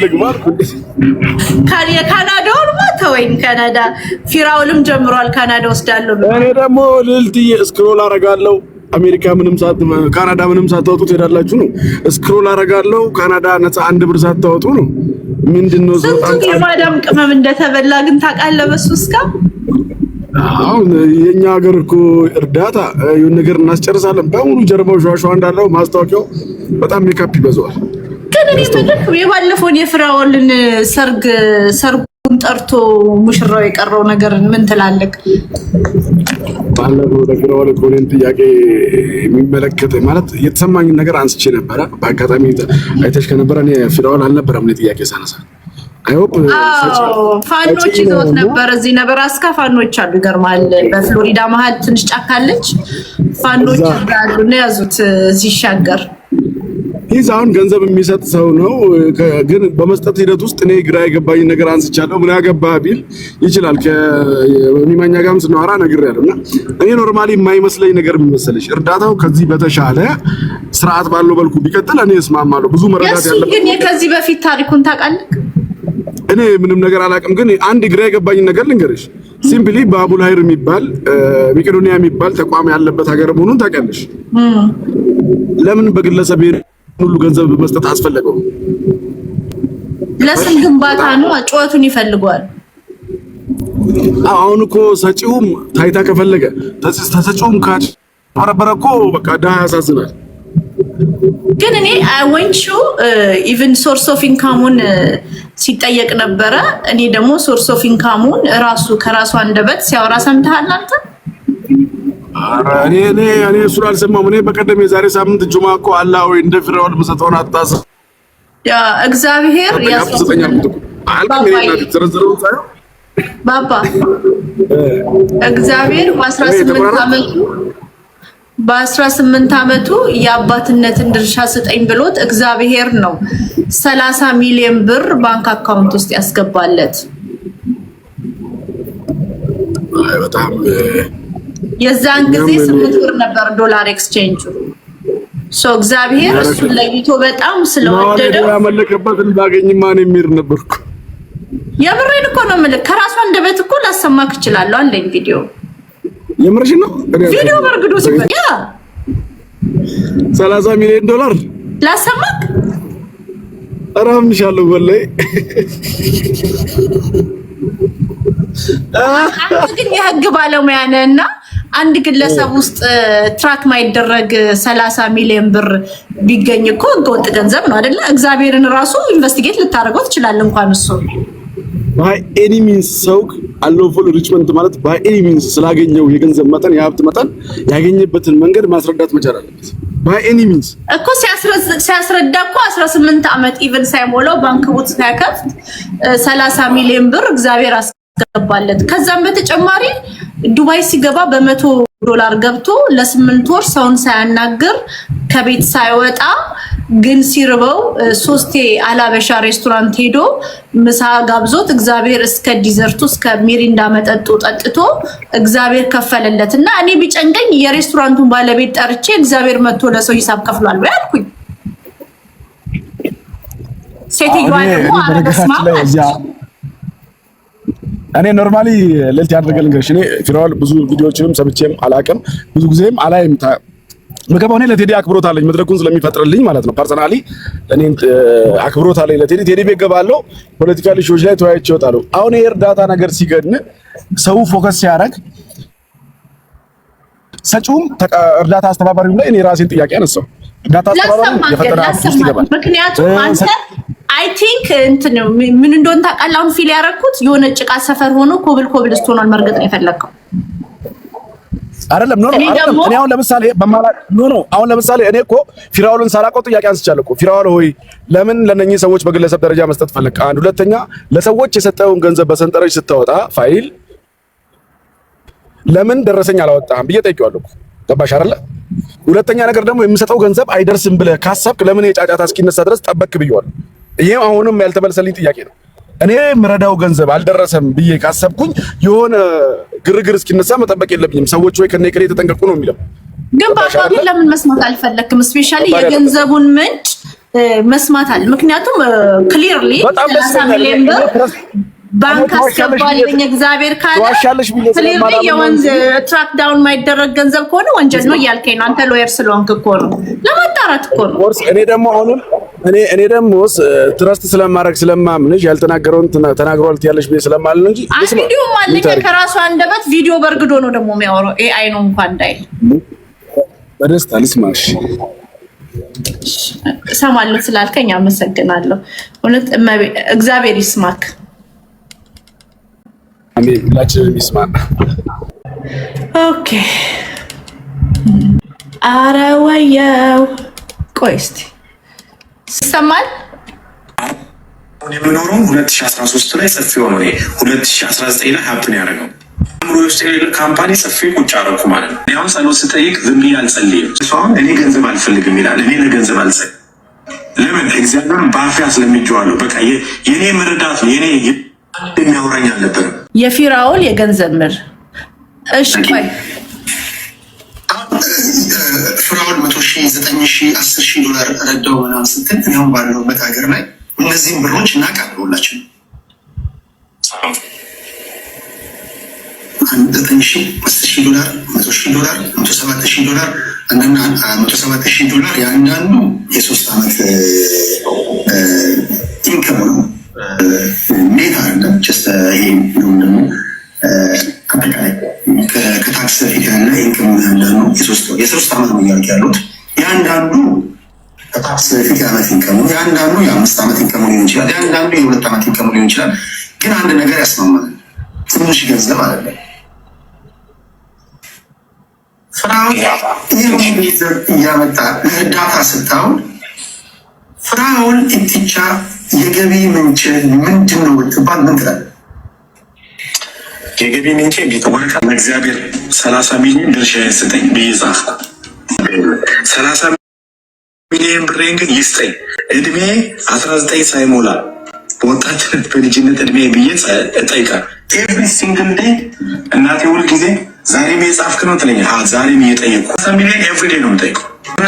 አልፈልግም አልኩ። ካናዳውንማ ተወኝ። ካናዳ ፊራውልም ጀምሯል። ካናዳ ወስዳለሁ። እኔ ደግሞ ልልትዬ እስክሮል አረጋለው አሜሪካ ምንም ሳት ካናዳ ምንም ሳታወጡ ትሄዳላችሁ ነው። ስክሮል አረጋለው ካናዳ ነፃ አንድ ብር ሳታወጡ ነው። ምንድነው ስንቱ የማዳም ቅመም እንደተበላ ግን ታውቃለህ። በሱ እስካ አሁን ሀገር እኮ እርዳታ ይሁን ነገር እናስጨርሳለን በሙሉ ጀርባው ሸዋሸዋ እንዳለው ማስታወቂያው በጣም ሜካፕ ይበዛዋል። ግን እኔ የባለፈውን የፍራኦልን ሰርግ ሰርጉን ጠርቶ ሙሽራው የቀረው ነገር ምን ትላለህ? ባለፈው ለፍራኦል ኮኔን ጥያቄ የሚመለከት ማለት የተሰማኝን ነገር አንስቼ ነበረ። በአጋጣሚ አይተሽ ከነበረ እኔ ፍራኦል አልነበረም እኔ ጥያቄ ሳነሳ ፋኖች ይዘውት ነበር። እዚህ ነበር አስካ ፋኖች አሉ። ይገርማል። በፍሎሪዳ መሀል ትንሽ ጫካለች። ፋኖች ያሉ ነው ያዙት ሲሻገር ሂዝ አሁን ገንዘብ የሚሰጥ ሰው ነው። ግን በመስጠት ሂደት ውስጥ እኔ ግራ የገባኝ ነገር አንስቻለሁ። ምን ያገባ ቢል ይችላል። ከሚመኛ ጋርም ስናወራ ነግሬያለሁ። እና እኔ ኖርማሊ የማይመስለኝ ነገር የሚመስልሽ እርዳታው ከዚህ በተሻለ ስርዓት ባለው መልኩ ቢቀጥል እኔ እስማማለሁ። ብዙ መረዳት ያለ ግን ከዚህ በፊት ታሪኩን ታውቃለህ። እኔ ምንም ነገር አላውቅም። ግን አንድ ግራ የገባኝ ነገር ልንገርሽ። ሲምፕሊ በአቡል ሀይር የሚባል መቄዶኒያ የሚባል ተቋም ያለበት ሀገር መሆኑን ታውቂያለሽ። ለምን በግለሰብ ሁሉ ገንዘብ መስጠት አስፈለገው? ለስም ግንባታ ነው። ጩኸቱን ይፈልገዋል። አሁን እኮ ሰጪውም ታይታ ከፈለገ ተሰጪውም ካጭበረበረ እኮ በቃ ድሀ ያሳዝናል። ግን እኔ ወንቹ ኢቨን ሶርስ ኦፍ ኢንካሙን ሲጠየቅ ነበረ። እኔ ደግሞ ሶርስ ኦፍ ኢንካሙን ራሱ ከራሱ አንደበት ሲያወራ ሰምተሃል አንተ እኔ እኔ እኔ እሱን አልሰማሁም። እኔ በቀደም የዛሬ ሳምንት ጁማ እኮ አላህ ወይ እንደ ፍራኦል ምሰጠውን አታስብ ያ እግዚአብሔር ባባ እግዚአብሔር በ18 ዓመቱ በ18 ዓመቱ የአባትነትን ድርሻ ስጠኝ ብሎት እግዚአብሔር ነው ሰላሳ ሚሊዮን ብር ባንክ አካውንት ውስጥ ያስገባለት። አይ በጣም የዛን ጊዜ ስምንት ብር ነበር ዶላር ኤክስቼንጁ። ሶ እግዚአብሔር እሱን ለይቶ በጣም ስለወደደው ያመለከበትን ባገኝማ ማን የሚር ነበርኩ። የምሬን እኮ ነው የምልህ። ከራሷ አንደበት እኮ ላሰማክ እችላለሁ አለኝ ቪዲዮ። የምርሽ ነው ቪዲዮ በርግዶ ያ 30 ሚሊዮን ዶላር ላሰማክ እራምንሻለሁ ወላሂ። አንተ ግን የህግ ባለሙያ ነህ እና አንድ ግለሰብ ውስጥ ትራክ ማይደረግ ሰላሳ ሚሊዮን ብር ቢገኝ እኮ ህገወጥ ገንዘብ ነው አይደለ? እግዚአብሔርን ራሱ ኢንቨስቲጌት ልታደርገው ትችላል። እንኳን እሱ ባይ ኤኒ ሚንስ ሰው አንሎፉል ሪችመንት ማለት ባይ ኤኒ ሚንስ ስላገኘው የገንዘብ መጠን የሀብት መጠን ያገኘበትን መንገድ ማስረዳት መቻል አለበት። ባይ ኤኒ ሚንስ እኮ ሲያስረዳ እኮ 18 ዓመት ኢቨን ሳይሞላው ባንክ ቡት ሳያከፍት ሰላሳ ሚሊዮን ብር እግዚአብሔር ገባለት። ከዛም በተጨማሪ ዱባይ ሲገባ በመቶ ዶላር ገብቶ ለስምንት ወር ሰውን ሳያናግር ከቤት ሳይወጣ ግን ሲርበው ሶስቴ አላበሻ ሬስቶራንት ሄዶ ምሳ ጋብዞት እግዚአብሔር እስከ ዲዘርቱ እስከ ሚሪንዳ መጠጡ ጠጥቶ እግዚአብሔር ከፈለለት እና እኔ ቢጨንቀኝ የሬስቶራንቱን ባለቤት ጠርቼ እግዚአብሔር መጥቶ ለሰው ሂሳብ ከፍሏል ወይ አልኩኝ። ሴትዮዋ ደግሞ እኔ ኖርማሊ ለልት ያደረገል እንግዲህ እኔ ፊራኦል ብዙ ቪዲዮዎችንም ሰምቼም አላቅም ብዙ ጊዜም አላይም። ምከባ እኔ ለቴዲ አክብሮት አለኝ መድረኩን ስለሚፈጥርልኝ ማለት ነው። ፐርሰናሊ እኔ አክብሮት አለኝ ለቴዲ። ቴዲ ቤት ገባለሁ፣ ፖለቲካል ኢሹዎች ላይ ተወያይቼ እወጣለሁ። አሁን ይሄ እርዳታ ነገር ሲገድን ሰው ፎከስ ሲያደርግ ሰጪውም እርዳታ አስተባባሪውም ላይ እኔ ራሴን ጥያቄ አነሳው። እርዳታ አስተባባሪው የፈጠራ ውስጥ ይገባል። ምክንያቱም አንተ አይ ቲንክ እንትን ምን እንደሆነ ታውቃለህ? አሁን ፊል ያደረኩት የሆነ ጭቃ ሰፈር ሆኖ ኮብል ኮብል ስቶኗል መርገጥ ነው የፈለግከው አይደለም? ኖ ኖ እኔ አሁን ለምሳሌ በማላ ኖ ኖ አሁን ለምሳሌ እኔ እኮ ፊራውልን ሳላውቀው ጥያቄ አንስቻለሁ እኮ ፊራውል ሆይ ለምን ለነኚህ ሰዎች በግለሰብ ደረጃ መስጠት ፈለግ? አንድ ሁለተኛ፣ ለሰዎች የሰጠውን ገንዘብ በሰንጠረዥ ስታወጣ ፋይል ለምን ደረሰኝ አላወጣም ብዬ ጠይቄዋለሁ ገባሽ አይደለ? ሁለተኛ ነገር ደግሞ የምሰጠው ገንዘብ አይደርስም ብለህ ካሰብክ ለምን የጫጫታ እስኪነሳ ድረስ ጠበክ ብየዋለሁ። ይሄ አሁንም ያልተመለሰልኝ ጥያቄ ነው። እኔ ምረዳው ገንዘብ አልደረሰም ብዬ ካሰብኩኝ የሆነ ግርግር እስኪነሳ መጠበቅ የለብኝም። ሰዎች ወይ ከኔ ከኔ ተጠንቀቁ ነው የሚለው። ግን በአካባቢ ለምን መስማት አልፈለክም? ስፔሻሊ የገንዘቡን ምንጭ መስማት አለ። ምክንያቱም ክሊርሊ ሚሊዮን ብር ባንክ አስገባልኝ እግዚአብሔር ካለ ክሊርሊ የወንዝ ትራክ ዳውን ማይደረግ ገንዘብ ከሆነ ወንጀል ነው እያልከኝ ነው። አንተ ሎየር ስለሆንክ እኮ ነው ለማጣራት እኮ ነው። እኔ ደግሞ አሁንም እኔ እኔ ደግሞ ትረስት ስለማድረግ ስለማምንሽ ያልተናገረውን ተናግሯል ትያለሽ ብዬ ስለማልን እንጂ ቪዲዮም አለኝ ከራሱ አንደበት ቪዲዮ በእርግዶ ነው ደግሞ የሚያወራው። ኤአይ ነው እንኳን እንዳይል በደስታ ልስማሽ። እሰማለሁ ስላልከኝ አመሰግናለሁ። እውነት እግዚአብሔር ይስማክ። አሜን። ሁላችንም ይስማን። ኦኬ። አረ ወየው ቆይ እስኪ ይሰማል። አሁን የምኖረው ሁለት ሺ አስራ ሶስት ላይ ሰፊ ሆኖ ሁለት ሺ አስራ ዘጠኝ ላይ ሀብትን ያደረገው አምሮ ውስጥ የሌለ ካምፓኒ ሰፊ ቁጭ አረኩ ማለት ነው። ያሁን ጸሎት ስጠይቅ ዝም ብዬ አልጸልይም። እሷ እኔ ገንዘብ አልፈልግም ይላል። እኔ ለገንዘብ አልጸል ለምን እግዚአብሔር በአፌ አስለምጄዋለሁ። በቃ የእኔ መረዳት የኔ የሚያወራኝ አልነበርም። የፊራውል የገንዘብ ምር እሺ ፍራውድ መቶ ሺ ዘጠኝ ሺ አስር ሺ ዶላር ረዳው ምናም ስትል እኒሁም አሁን ባለሁበት ሀገር ላይ እነዚህም ብሮች እናቃብሎላቸው ዘጠኝ ሺ አስር ሺ ዶላር መቶ ሺ ዶላር መቶ ሰባት ሺ ዶላር አንዳንድ መቶ ሰባት ሺ ዶላር የአንዳንዱ የሶስት አመት ይችላል። ግን አንድ ነገር ያስማማል። ትንሽ ገንዘብ አለ ፍራዊ ገንዘብ እያመጣ እርዳታ ስታውን ፍራውን እንትቻ የገቢ ምንጭ ምንድን ነው ብትባል ምን ትላለህ? የገቢ ምንጭ ቢትወርቅ እግዚአብሔር ሰላሳ ሚሊዮን ድርሻ ስጠኝ ብይዛፍ ሰላሳ ሚሊዮን ብሬን ግን ይስጠኝ እድሜ አስራ ዘጠኝ ሳይሞላ በወጣችነት በልጅነት እድሜ ብዬ እጠይቃለሁ። ኤቭሪ ሲንግል ዴ እናቴ ሁል ጊዜ ዛሬም የጻፍክ ነው ትለኛል። ዛሬም እየጠየቁ ሚሊዮን ኤቭሪ ዴ ነው የምጠይቀው እና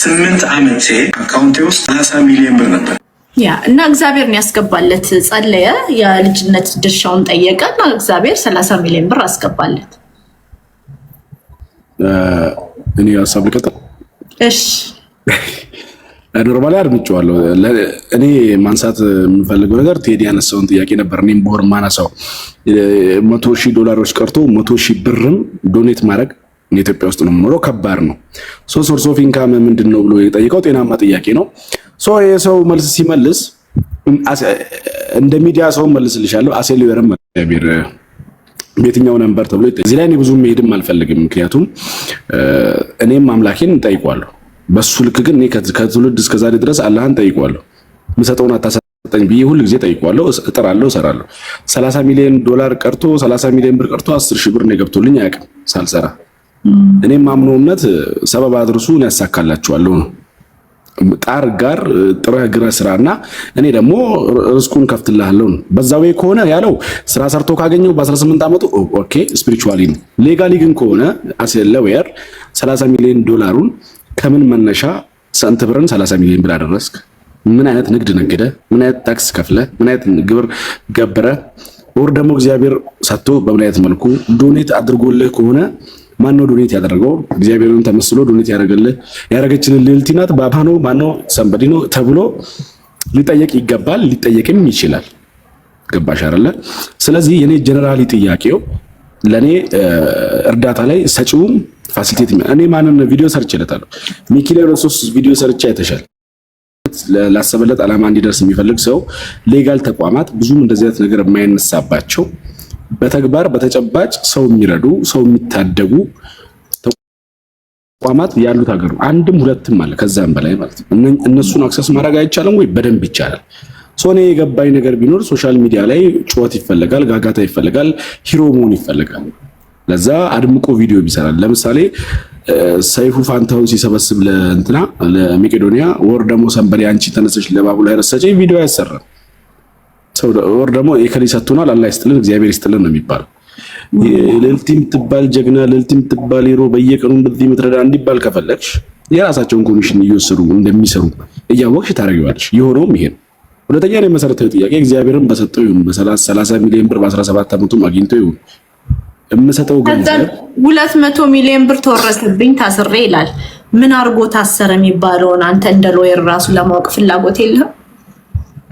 ስምንት አመት አካውንቴ ውስጥ ሰላሳ ሚሊዮን ብር ነበር። ያ እና እግዚአብሔር ነው ያስገባለት። ጸለየ፣ የልጅነት ድርሻውን ጠየቀ እና እግዚአብሔር ሰላሳ ሚሊዮን ብር አስገባለት። እኔ ሀሳብ ልቀጥል። እሺ ኖርማሊ አድምጬዋለሁ። እኔ ማንሳት የምፈልገው ነገር ቴዲ ያነሳውን ጥያቄ ነበር። እኔም ብሆን ማነሳው መቶ ሺህ ዶላሮች ቀርቶ መቶ ሺህ ብርም ዶኔት ማድረግ ኢትዮጵያ ውስጥ ነው የምኖረው፣ ከባድ ነው። ሶ ሶርስ ኦፍ ኢንካም ምንድን ነው ብሎ የጠይቀው ጤናማ ጥያቄ ነው። ሶ የሰው መልስ ሲመልስ እንደ ሚዲያ ሰውን መልስልሻለሁ አሴሊዮርም እግዚአብሔር በየትኛው ነንበር ተብሎ እዚህ ላይ እኔ ብዙም መሄድም አልፈልግም። ምክንያቱም እኔም አምላኬን እንጠይቋለሁ በሱ ልክ ግን እኔ ከትውልድ ዛሬ ድረስ አላህን ጠይቋለሁ። ምሰጠውን አታሰጠኝ ብዬ ሁል ጊዜ ጠይቋለሁ፣ እጥራለሁ፣ እሰራለሁ። 30 ሚሊዮን ዶላር ቀርቶ 30 ሚሊዮን ብር ቀርቶ 10 ሺህ ብር ነው የገብቶልኝ አያውቅም ሳልሰራ። እኔም ማምኖ እምነት ሰበብ አድርሱ ያሳካላችኋለሁ ነው ጣር ጋር ጥረህ ግረህ ስራና እኔ ደግሞ ርስቁን ከፍትልሃለሁ ነው። በዛ ወይ ከሆነ ያለው ስራ ሰርቶ ካገኘው በ18 ዓመቱ ኦኬ ስፒሪቹዋሊ ነው። ሌጋሊ ግን ከሆነ አስለለ ዌር 30 ሚሊዮን ዶላሩን ከምን መነሻ ስንት ብርን 30 ሚሊዮን ብር አደረስክ? ምን አይነት ንግድ ነግደ? ምን አይነት ታክስ ከፍለ? ምን አይነት ግብር ገብረ? ወር ደግሞ እግዚአብሔር ሰጥቶ በምን አይነት መልኩ ዶኔት አድርጎልህ ከሆነ ነው ዶኔት ያደረገው? እግዚአብሔርን ተመስሎ ዶኔት ያደረገልህ ያደረገችልን ልዕልት ናት። ባባ ነው ነው? ሰንበዲ ነው ተብሎ ሊጠየቅ ይገባል፣ ሊጠየቅም ይችላል። ገባሽ አይደለ? ስለዚህ የኔ ጀነራሊ ጥያቄው ለኔ እርዳታ ላይ ሰጪውም ፋሲሊቴት እኔ ማንን ቪዲዮ ሰርች ይለታለሁ ሚኪ ላይ ሶስት ቪዲዮ ሰርች አይተሻል። ላሰበለት ዓላማ እንዲደርስ የሚፈልግ ሰው ሌጋል ተቋማት ብዙም እንደዚህ አይነት ነገር የማይነሳባቸው በተግባር በተጨባጭ ሰው የሚረዱ ሰው የሚታደጉ ተቋማት ያሉት ሀገር አንድም ሁለትም አለ ከዛም በላይ ማለት ነው። እነሱን አክሰስ ማድረግ አይቻልም ወይ? በደንብ ይቻላል። ሶኔ የገባኝ ነገር ቢኖር ሶሻል ሚዲያ ላይ ጩኸት ይፈለጋል፣ ጋጋታ ይፈለጋል፣ ሂሮ መሆን ይፈለጋል። ለዛ አድምቆ ቪዲዮ ይሰራል። ለምሳሌ ሰይፉ ፋንታውን ሲሰበስብ ለእንትና ለመቄዶንያ ወር ደግሞ ሰንበሪ አንቺ ተነሰች ለባቡል ሀይር ሰጪ ቪዲዮ አይሰራም። ወር ደግሞ የከሌ ሰጥቶናል አላህ ይስጥልን እግዚአብሔር ይስጥልን ነው የሚባለው። ልዕልት የምትባል ጀግና ልዕልት የምትባል ሄሮ በየቀኑ በዚህ የምትረዳ እንዲባል ከፈለግሽ የራሳቸውን ኮሚሽን እየወሰዱ እንደሚሰሩ እያወቅሽ ታደርጊዋለሽ። የሆነውም ይሄ ነው። ሁለተኛ ነው መሰረታዊ ጥያቄ እግዚአብሔርን በሰጠው ይሁን በ30 ሚሊዮን ብር በ ሰባት ዓመቱም አግኝቶ ይሁን የምሰጠው ገንዘብ ሁለት መቶ ሚሊዮን ብር ተወረሰብኝ ታስሬ ይላል። ምን አድርጎ ታሰረ የሚባለውን አንተ እንደ ሎየር ራሱ ለማወቅ ፍላጎት የለም።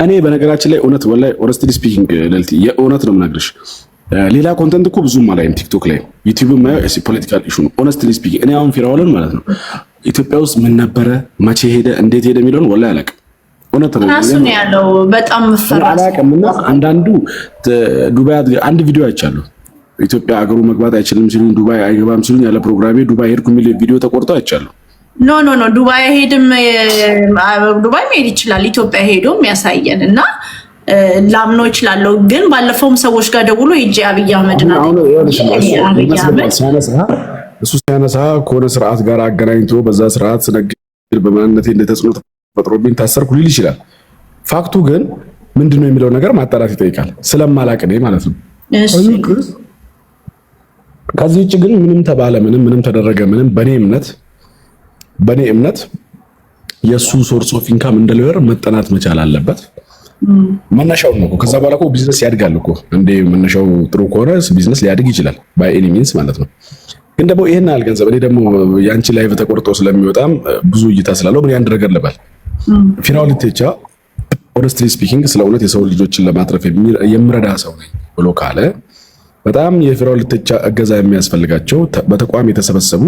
እኔ በነገራችን ላይ እውነት ወላሂ ኦነስትሊ ስፒኪንግ ልልቲ የእውነት ነው የምነግርሽ። ሌላ ኮንተንት እኮ ብዙም አላይም ቲክቶክ ላይ ዩቲዩብ የማየው ፖለቲካል ኢሹ ነው። ኦነስትሊ ስፒኪንግ እኔ አሁን ፊራውልን ማለት ነው ኢትዮጵያ ውስጥ ምን ነበረ፣ መቼ ሄደ፣ እንዴት ሄደ የሚለውን ወላሂ አላውቅም። እውነት ነው ያለው በጣም ፈራስ አላውቅም። እና አንዳንዱ ዱባይ አንድ ቪዲዮ አይቻለሁ ኢትዮጵያ አገሩ መግባት አይችልም ሲሉኝ፣ ዱባይ አይገባም ሲሉኝ፣ ያለ ፕሮግራሜ ዱባይ ሄድኩ የሚል ቪዲዮ ተቆርጦ አይቻለሁ። ኖ ኖ ኖ ዱባይ ሄድም ዱባይ መሄድ ይችላል። ኢትዮጵያ ሄዶ የሚያሳየን እና ላምኖ ይችላለሁ። ግን ባለፈውም ሰዎች ጋር ደውሎ ሂጅ አብይ አህመድ እሱ ሲያነሳ ከሆነ ስርዓት ጋር አገናኝቶ በዛ ስርዓት ስነግር በማንነቴ እንደተጽዕኖ ተፈጥሮብኝ ታሰርኩ ሊል ይችላል። ፋክቱ ግን ምንድን ነው የሚለው ነገር ማጣራት ይጠይቃል። ስለማላቅ እኔ ማለት ነው ከዚህ ውጭ ግን ምንም ተባለ ምንም ምንም ተደረገ ምንም በኔ እምነት በኔ እምነት የእሱ ሶርስ ኦፍ ኢንካም እንደ ሎየር መጠናት መቻል አለበት። መነሻው ነው። ከዛ በኋላ እኮ ቢዝነስ ያድጋል እኮ እንዴ። መነሻው ጥሩ ከሆነ ቢዝነስ ሊያድግ ይችላል፣ ባይ ኤኒ ሚንስ ማለት ነው። ግን ደግሞ ይህን ያህል ገንዘብ እኔ ደግሞ የአንቺ ላይቭ ተቆርጦ ስለሚወጣም ብዙ እይታ ስላለው ምን ያንድ ነገር ልበል። ፊራኦል ኦነስትሊ ስፒኪንግ ስለ እውነት የሰው ልጆችን ለማትረፍ የሚረዳ ሰው ነኝ ብሎ ካለ በጣም የፊራኦል እገዛ የሚያስፈልጋቸው በተቋም የተሰበሰቡ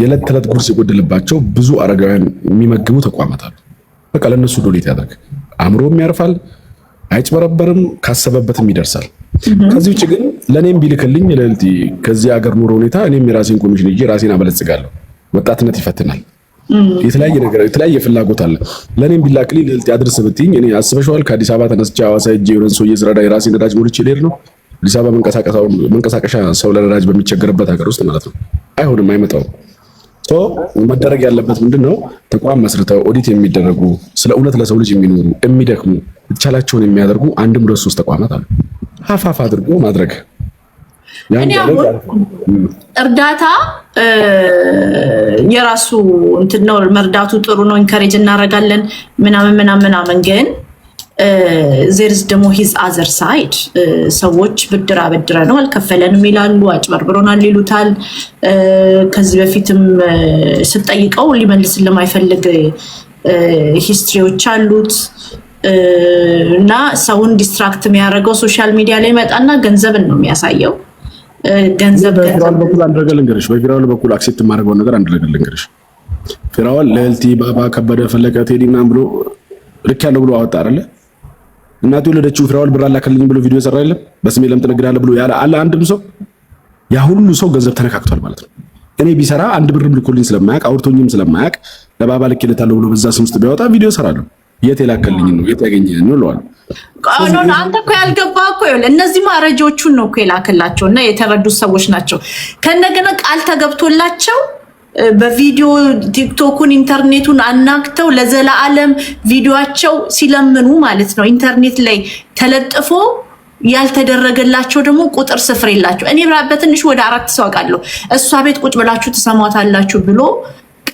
የዕለት ተዕለት ጉርስ የጎደለባቸው ብዙ አረጋውያን የሚመግቡ ተቋማት አሉ። በቃ ለእነሱ ዶሌት ያደርግ። አእምሮም ያርፋል፣ አይጭበረበርም፣ ካሰበበትም ይደርሳል። ከዚህ ውጭ ግን ለእኔም ቢልክልኝ ልዕልት፣ ከዚህ አገር ኑሮ ሁኔታ እኔም የራሴን ኮሚሽን እ ራሴን አበለጽጋለሁ። ወጣትነት ይፈትናል። የተለያየ ነገር የተለያየ ፍላጎት አለ። ለእኔም ቢላክልኝ ልዕልት፣ አድርስ ብትይኝ እኔ አስበሽዋል? ከአዲስ አበባ ተነስቼ ሐዋሳ ሄጄ የሆነ ሰው እየዝረዳ የራሴ ነዳጅ ሞልቼ ልሄድ ነው አዲስ አበባ መንቀሳቀሻ ሰው ለነዳጅ በሚቸገርበት ሀገር ውስጥ ማለት ነው። አይሆንም፣ አይመጣውም። መደረግ ያለበት ምንድን ነው? ተቋም መስርተው ኦዲት የሚደረጉ ስለ እውነት ለሰው ልጅ የሚኖሩ የሚደክሙ የተቻላቸውን የሚያደርጉ አንድም ሁለት ሶስት ተቋማት አሉ። ሀፋፍ አድርጎ ማድረግ እርዳታ የራሱ እንትን ነው። መርዳቱ ጥሩ ነው። ኢንካሬጅ እናደርጋለን ምናምን ምናምን ምናምን ግን ዜርዝ ደግሞ ሂዝ አዘር ሳይድ ሰዎች ብድር አበድረ ነው አልከፈለንም ይላሉ፣ አጭበርብሮናል ይሉታል። uh, ከዚህ በፊትም uh, ስጠይቀው ሊመልስን ለማይፈልግ ሂስትሪዎች uh, አሉት እና ሰውን ዲስትራክት የሚያደርገው ሶሻል ሚዲያ ላይ ይመጣና ገንዘብን ነው የሚያሳየው። ገንዘብ በኩል አንድ ነገር ልንገርሽ፣ በፌራል በኩል አክሴፕት የማደርገውን ነገር አንድ ነገር ልንገርሽ። ፌራል ልዕልቲ፣ ባባ ከበደ፣ ፈለቀ፣ ቴዲ ምናምን ብሎ ልክ ያለው ብሎ አወጣ አይደለ እናቱ የወለደችው ፍራውል ብር አላከልኝ ብሎ ቪዲዮ የሰራ የለም በስሜ ለምን ትነግዳለህ ብሎ ያለ አለ አንድም ሰው ያ ሁሉ ሰው ገንዘብ ተነካክቷል ማለት ነው። እኔ ቢሰራ አንድ ብርም ልኮልኝ ስለማያውቅ አውርቶኝም ስለማያውቅ ለባባ ልኬለታለሁ ብሎ በዛ ስም ውስጥ ቢያወጣ ቪዲዮ እሰራለሁ። የት የላከልኝ ነው የት ያገኘህ ነው እለዋለሁ። አንተ እኮ ያልገባህ እኮ ይኸውልህ፣ እነዚህ ማረጃዎቹን ነው እኮ የላከላቸው እና የተረዱት ሰዎች ናቸው ከእንደገና ቃል ተገብቶላቸው በቪዲዮ ቲክቶኩን ኢንተርኔቱን አናግተው ለዘላለም ቪዲዮቸው ሲለምኑ ማለት ነው። ኢንተርኔት ላይ ተለጥፎ ያልተደረገላቸው ደግሞ ቁጥር ስፍር የላቸው። እኔ በትንሽ ወደ አራት ሰው አውቃለሁ እሷ ቤት ቁጭ ብላችሁ ትሰማታላችሁ ብሎ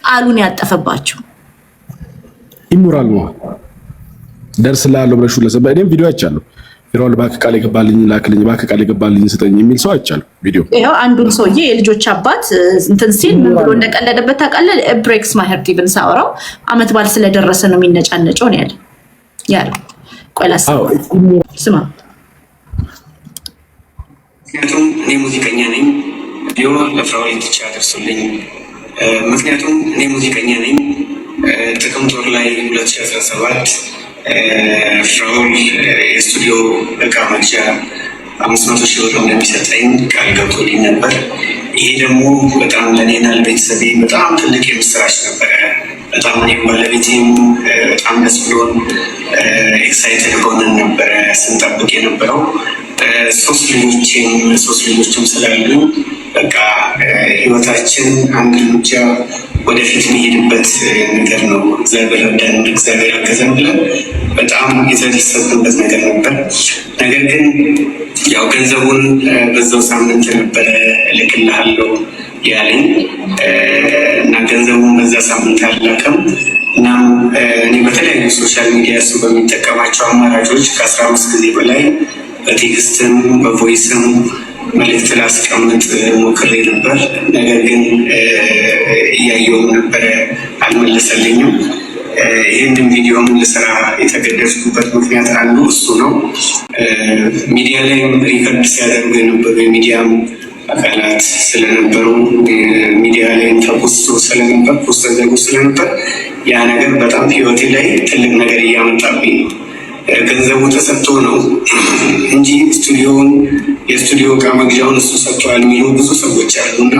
ቃሉን ያጠፈባቸው ይሞራል ነው ደርስ ላለው ብለሽ ለሰበ እኔም ቪዲዮ አይቻለሁ። ፊራኦል እባክህ ቃል የገባልኝ ላክልኝ፣ እባክህ ቃል የገባልኝ ስጠኝ የሚል ሰው አይቻልም። ቪዲዮ ይኸው አንዱን ሰውዬ የልጆች አባት እንትን ሲል ምን ብሎ እንደቀለደበት ታውቃለህ? ብሬክስ ማሄርቲ ብን ሳወራው አመት በዓል ስለደረሰ ነው የሚነጫነጨው ነው ያለ ያለ ቆላስ ስማ ምክንያቱም እኔ ሙዚቀኛ ነኝ። ቪዲዮ ለፍራኦል ብቻ ደርሱልኝ። ምክንያቱም እኔ ሙዚቀኛ ነኝ። ጥቅምት ወር ላይ 2017 ፍራውን የስቱዲዮ እቃ መግዣ አምስት መቶ ሺህ ብር እንደሚሰጠኝ ቃል ገብቶልኝ ነበር። ይሄ ደግሞ በጣም ለእኔና ለቤተሰቤ በጣም ትልቅ የምስራች ነበረ። በጣም እኔም ባለቤቴም በጣም ደስ ብሎን ኤክሳይትድ ሆነን ነበረ ስንጠብቅ የነበረው ሶስት ልጆችም ሶስት ልጆችም ስላሉ በቃ ህይወታችን አንድ እርምጃ ወደፊት የሚሄድበት ነገር ነው። እግዚአብሔር ረዳን፣ እግዚአብሔር አገዘን ብለን በጣም የተደሰትንበት ነገር ነበር። ነገር ግን ያው ገንዘቡን በዛው ሳምንት ነበረ እልክልሃለሁ ያለኝ እና ገንዘቡን በዛ ሳምንት አላከም። እናም እኔ በተለያዩ ሶሻል ሚዲያ እሱ በሚጠቀማቸው አማራጮች ከአስራ አምስት ጊዜ በላይ በቴክስትም በቮይስም መልእክት ላስቀምጥ ሞክሬ ነበር። ነገር ግን እያየውም ነበረ፣ አልመለሰልኝም። ይህንን ቪዲዮም ለስራ የተገደዝኩበት ምክንያት አንዱ እሱ ነው። ሚዲያ ላይም ሪከርድ ሲያደርጉ የነበሩ የሚዲያም አካላት ስለነበሩ ሚዲያ ላይም ተፖስቶ ስለነበር ፖስቶ ዘጉ ስለነበር ያ ነገር በጣም ህይወቴ ላይ ትልቅ ነገር እያመጣብኝ ነው ገንዘቡ ተሰጥቶ ነው እንጂ ስቱዲዮውን የስቱዲዮ እቃ መግዣውን እሱ ሰጥቷል የሚሉ ብዙ ሰዎች አሉና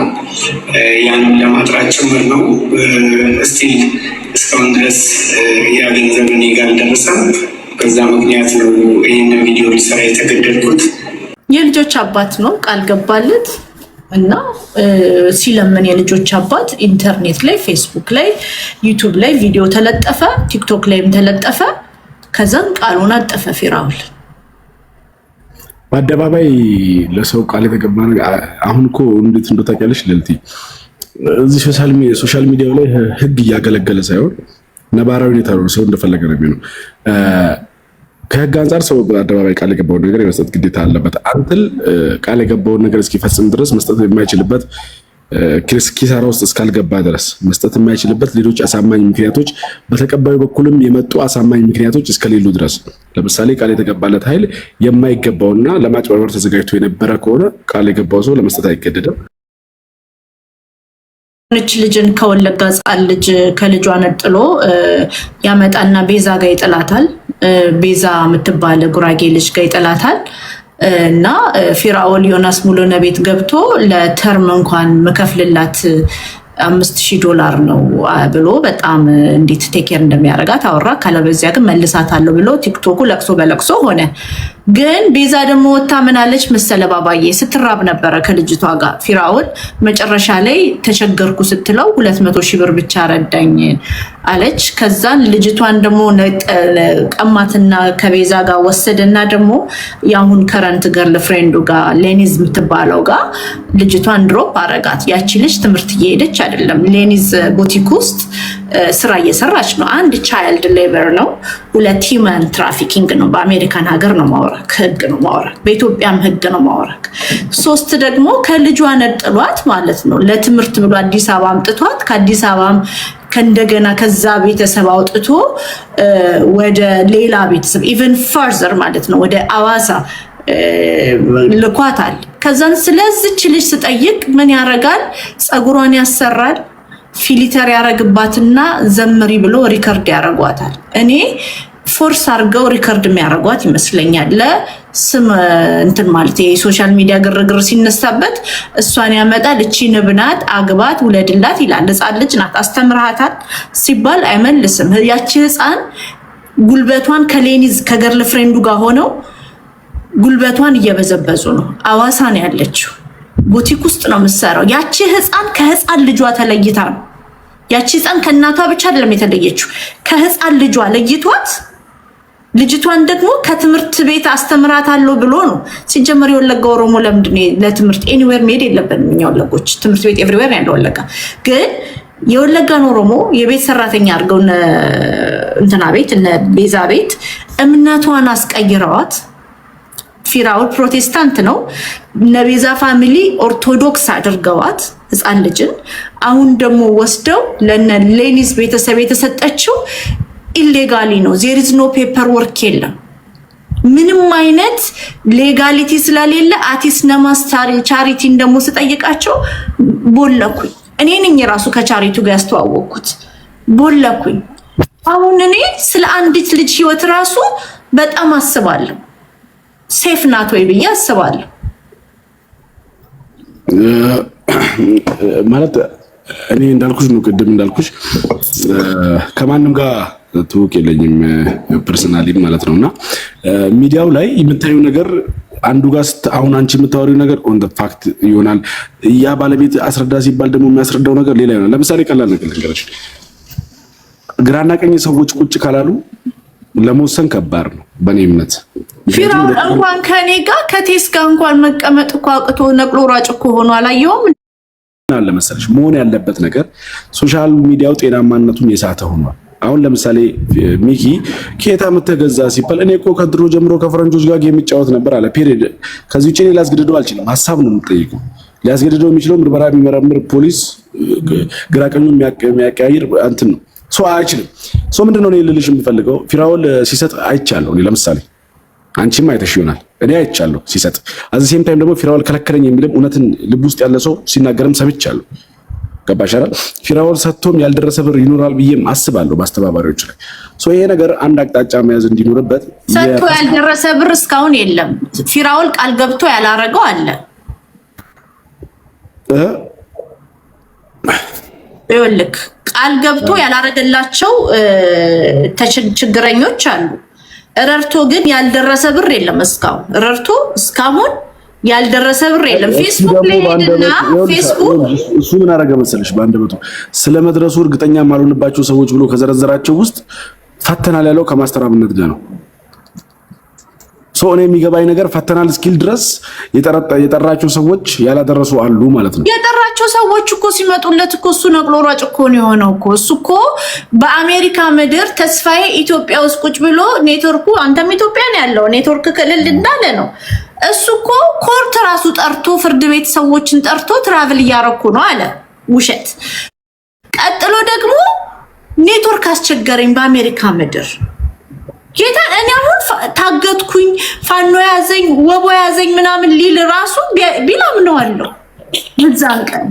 ያንም ለማጥራት ጭምር ነው። እስቲል እስካሁን ድረስ ያ ገንዘብ እኔ ጋር አልደረሰም። በዛ ምክንያት ነው ይህን ቪዲዮ ሊሰራ የተገደድኩት። የልጆች አባት ነው ቃል ገባለት እና ሲለምን የልጆች አባት ኢንተርኔት ላይ ፌስቡክ ላይ ዩቱብ ላይ ቪዲዮ ተለጠፈ፣ ቲክቶክ ላይም ተለጠፈ። ከዛም ቃሉን አጠፈ ፊራውል። በአደባባይ ለሰው ቃል የተገባ አሁን እኮ እንዴት እንደው ታውቂያለሽ ልልቲ እዚህ ሶሻል ሚዲያው ላይ ህግ እያገለገለ ሳይሆን ነባራዊ ሁኔታ ሰው እንደፈለገ ነው የሚሆነው። ከህግ አንጻር ሰው በአደባባይ ቃል የገባውን ነገር የመስጠት ግዴታ አለበት። አንትል ቃል የገባውን ነገር እስኪፈጽም ድረስ መስጠት የማይችልበት ኪሳራ ውስጥ እስካልገባ ድረስ መስጠት የማይችልበት ሌሎች አሳማኝ ምክንያቶች በተቀባዩ በኩልም የመጡ አሳማኝ ምክንያቶች እስከሌሉ ድረስ ለምሳሌ ቃል የተገባለት ኃይል የማይገባውና ለማጭበርበር ተዘጋጅቶ የነበረ ከሆነ ቃል የገባው ሰው ለመስጠት አይገደድም። ች ልጅን ከወለጋ ጻል ልጅ ከልጇ ነጥሎ ያመጣና ቤዛ ጋ ይጥላታል። ቤዛ የምትባል ጉራጌ ልጅ ጋ ይጥላታል። እና ፊራኦል ዮናስ ሙሉነ ቤት ገብቶ ለተርም እንኳን መከፍልላት አምስት ሺህ ዶላር ነው ብሎ በጣም እንዴት ቴኬር እንደሚያደርጋት አወራ። ካለበዚያ ግን መልሳት አለው ብሎ ቲክቶኩ ለቅሶ በለቅሶ ሆነ። ግን ቤዛ ደግሞ ወታ አለች መሰለ ባባዬ ስትራብ ነበረ ከልጅቷ ጋር ፊራውን መጨረሻ ላይ ተቸገርኩ ስትለው ሁለት መቶ ሺህ ብር ብቻ ረዳኝ አለች ከዛን ልጅቷን ደግሞ ቀማትና ከቤዛ ጋር ወሰደና ደግሞ የአሁን ከረንት ገርል ፍሬንዱ ጋር ሌኒዝ የምትባለው ጋር ልጅቷን ድሮፕ አረጋት ያቺ ልጅ ትምህርት እየሄደች አይደለም ሌኒዝ ቡቲክ ውስጥ ስራ እየሰራች ነው አንድ ቻይልድ ሌበር ነው ሁለት ሂውማን ትራፊኪንግ ነው በአሜሪካን ሀገር ነው ማውራ ማውራክ ህግ ነው ማውራክ በኢትዮጵያም ህግ ነው ማውራክ። ሶስት ደግሞ ከልጇ ነጥሏት ማለት ነው ለትምህርት ብሎ አዲስ አበባ አምጥቷት ከአዲስ አበባም ከእንደገና ከዛ ቤተሰብ አውጥቶ ወደ ሌላ ቤተሰብ ኢቨን ፋርዘር ማለት ነው ወደ አዋሳ ልኳታል። ከዛን ስለዚች ልጅ ስጠይቅ ምን ያረጋል? ፀጉሯን ያሰራል ፊሊተር ያረግባትና ዘምሪ ብሎ ሪከርድ ያረጓታል። እኔ ፎርስ አድርገው ሪከርድ የሚያደርጓት ይመስለኛል። ለስም እንትን ማለት የሶሻል ሚዲያ ግርግር ሲነሳበት እሷን ያመጣል። እቺ ንብ ናት፣ አግባት፣ ውለድላት ይላል። ህፃን ልጅ ናት፣ አስተምርሃታል ሲባል አይመልስም። ያቺ ህፃን ጉልበቷን ከሌኒዝ ከገርል ፍሬንዱ ጋር ሆነው ጉልበቷን እየበዘበዙ ነው። አዋሳ ነው ያለችው፣ ቡቲክ ውስጥ ነው የምትሰራው። ያቺ ህፃን ከህፃን ልጇ ተለይታ ነው። ያቺ ህፃን ከእናቷ ብቻ አይደለም የተለየችው፣ ከህፃን ልጇ ለይቷት ልጅቷን ደግሞ ከትምህርት ቤት አስተምራታለሁ ብሎ ነው። ሲጀመር የወለጋ ኦሮሞ ለምንድን ለትምህርት ኤኒዌር መሄድ የለብንም እኛ ወለጎች፣ ትምህርት ቤት ኤቭሪዌር ያለ ወለጋ። ግን የወለጋን ኦሮሞ የቤት ሰራተኛ አድርገው እንትና ቤት እነ ቤዛ ቤት እምነቷን አስቀይረዋት። ፊራውል ፕሮቴስታንት ነው። ነቤዛ ፋሚሊ ኦርቶዶክስ አድርገዋት ህፃን ልጅን። አሁን ደግሞ ወስደው ለነ ሌኒስ ቤተሰብ የተሰጠችው ኢሌጋሊ ነው። ዜር ኢዝ ኖ ፔፐር ወርክ የለም። ምንም አይነት ሌጋሊቲ ስለሌለ አቲስ ነማስ ቻሪቲን ደግሞ ስጠይቃቸው ቦለኩኝ። እኔ ነኝ ራሱ ከቻሪቱ ጋር ያስተዋወቅኩት ቦለኩኝ። አሁን እኔ ስለ አንዲት ልጅ ህይወት ራሱ በጣም አስባለሁ። ሴፍ ናት ወይ ብዬ አስባለሁ። ማለት እኔ እንዳልኩሽ ነው፣ ቅድም እንዳልኩሽ ከማንም ጋር ትውቅ የለኝም ፐርሰናሊም ማለት ነው። እና ሚዲያው ላይ የምታዩ ነገር አንዱ ጋር አሁን አንቺ የምታወሪው ነገር ኦን ፋክት ይሆናል። ያ ባለቤት አስረዳ ሲባል ደግሞ የሚያስረዳው ነገር ሌላ ይሆናል። ለምሳሌ ቀላል ነገር ልንገርሽ፣ ግራና ቀኝ ሰዎች ቁጭ ካላሉ ለመወሰን ከባድ ነው በእኔ እምነት። ፊራውን እንኳን ከኔ ጋር ከቴስ ጋር እንኳን መቀመጥ እኮ አቅቶ ነቅሎ ራጭ እኮ ሆኖ አላየውም አለ መሰለሽ። መሆን ያለበት ነገር ሶሻል ሚዲያው ጤናማነቱን የሳተ ሆኗል። አሁን ለምሳሌ ሚኪ ኬታ የምትገዛ ሲባል እኔ እኮ ከድሮ ጀምሮ ከፈረንጆች ጋር የሚጫወት ነበር አለ። ፔሪድ ከዚህ ውጭ እኔ ላስገድደው አልችልም። ሀሳብ ነው የምጠይቀው። ሊያስገድደው የሚችለው ምርመራ የሚመረምር ፖሊስ፣ ግራቀኙ የሚያቀያይር እንትን ነው። ሶ አይችልም። ሶ ምንድነው እኔ ልልሽ የምፈልገው ፊራውል ሲሰጥ አይቻለሁ። እኔ ለምሳሌ አንቺም አይተሽ ይሆናል። እኔ አይቻለሁ ሲሰጥ። አዚ ሴም ታይም ደግሞ ፊራውል ከለከለኝ የሚልም እውነትን ልብ ውስጥ ያለ ሰው ሲናገርም ሰምቻለሁ። ገባሻል። ፊራውን ሰጥቶም ያልደረሰ ብር ይኖራል ብዬም አስባለሁ በአስተባባሪዎች ላይ። ይሄ ነገር አንድ አቅጣጫ መያዝ እንዲኖርበት ሰጥቶ ያልደረሰ ብር እስካሁን የለም። ፊራውል ቃል ገብቶ ያላረገው አለ። ይኸውልህ ቃል ገብቶ ያላረገላቸው ችግረኞች አሉ። ረርቶ ግን ያልደረሰ ብር የለም እስካሁን ረርቶ እስካሁን ያልደረሰ ብር የለም። ፌስቡክ ላይ ሄድና ፌስቡክ እሱ ምን አደረገ መሰለሽ፣ በአንድ መቶ ስለ መድረሱ እርግጠኛ ማልሆንባቸው ሰዎች ብሎ ከዘረዘራቸው ውስጥ ፈተናል ያለው ከማስተራብነት ጋር ነው። ሰው እኔ የሚገባኝ ነገር ፈተናል እስኪል ድረስ የጠራቸው ሰዎች ያላደረሱ አሉ ማለት ነው። የጠራቸው ሰዎች እኮ ሲመጡለት እኮ እሱ ነቅሎ ሯጭ እኮ ነው የሆነው እኮ እሱ እኮ በአሜሪካ ምድር ተስፋዬ ኢትዮጵያ ውስጥ ቁጭ ብሎ ኔትወርኩ አንተም ኢትዮጵያ ነው ያለው ኔትወርክ ክልል እንዳለ ነው። እሱ እኮ ኮርት ራሱ ጠርቶ ፍርድ ቤት ሰዎችን ጠርቶ ትራቭል እያረኩ ነው አለ። ውሸት። ቀጥሎ ደግሞ ኔትወርክ አስቸገረኝ በአሜሪካ ምድር ጌታ እኔ አሁን ታገትኩኝ፣ ፋኖ ያዘኝ፣ ወቦ ያዘኝ ምናምን ሊል ራሱ ቢላምነዋለሁ በዛን ቀን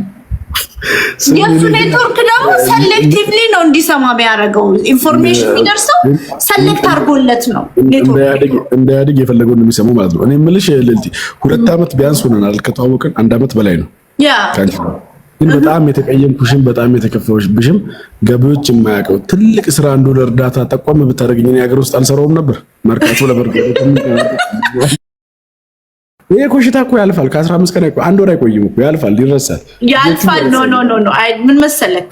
የእሱ ኔትወርክ ደግሞ ሰሌክቲቭሊ ነው እንዲሰማ ቢያደርገው ኢንፎርሜሽን የሚደርሰው ሰሌክት አድርጎለት ነው። እንዳያድግ የፈለገውን የሚሰሙ ማለት ነው። እኔ የምልሽ ልልቲ ሁለት ዓመት ቢያንስ ሆነናል ከተዋወቅን፣ አንድ ዓመት በላይ ነው። ግን በጣም የተቀየምኩሽም በጣም የተከፋሁሽብሽም ገቢዎች የማያውቀው ትልቅ ስራ አንዱ ለእርዳታ ጠቋም ብታደርግኝ እኔ ሀገር ውስጥ አልሰራውም ነበር። መርካቶ ለበርካቶ ይሄ ኮሽታ እኮ ያልፋል። ከአስራ አምስት ቀን አንድ ወር አይቆይም እኮ ያልፋል፣ ይረሳል፣ ያልፋል። ኖ ኖ ኖ ኖ ምን መሰለክ፣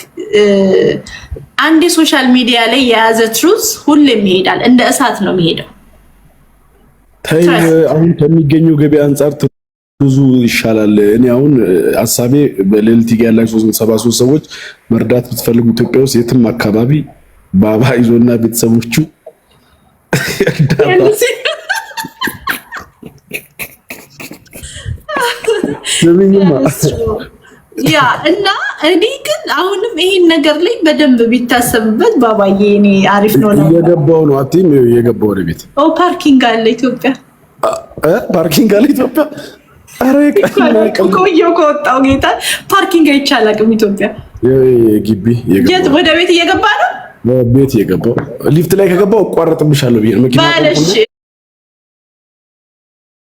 አንድ ሶሻል ሚዲያ ላይ የያዘ ትሩዝ ሁሌም ይሄዳል፣ እንደ እሳት ነው የሚሄደው። አሁን ከሚገኘው ገቢ አንጻር ብዙ ይሻላል። እኔ አሁን ሀሳቤ በልዕልት ጋ ያላችሁ ሰባ ሶስት ሰዎች መርዳት ብትፈልጉ ኢትዮጵያ ውስጥ የትም አካባቢ ባባ ይዞና ቤተሰቦቹ ያ እና እኔ ግን አሁንም ይሄን ነገር ላይ በደንብ ቢታሰብበት ባባዬ፣ እኔ አሪፍ ነው ነው የገባው ነው አትይም የገባው ወደ ቤት ኦ ፓርኪንግ አለ ኢትዮጵያ እ ፓርኪንግ አለ ኢትዮጵያ ቆየሁ ከወጣሁ ጌታ ፓርኪንግ ኢትዮጵያ ግቢ ወደ ቤት እየገባ ነው። ቤት ሊፍት ላይ ከገባው እቋረጥብሻለሁ ብዬሽ ነው መኪና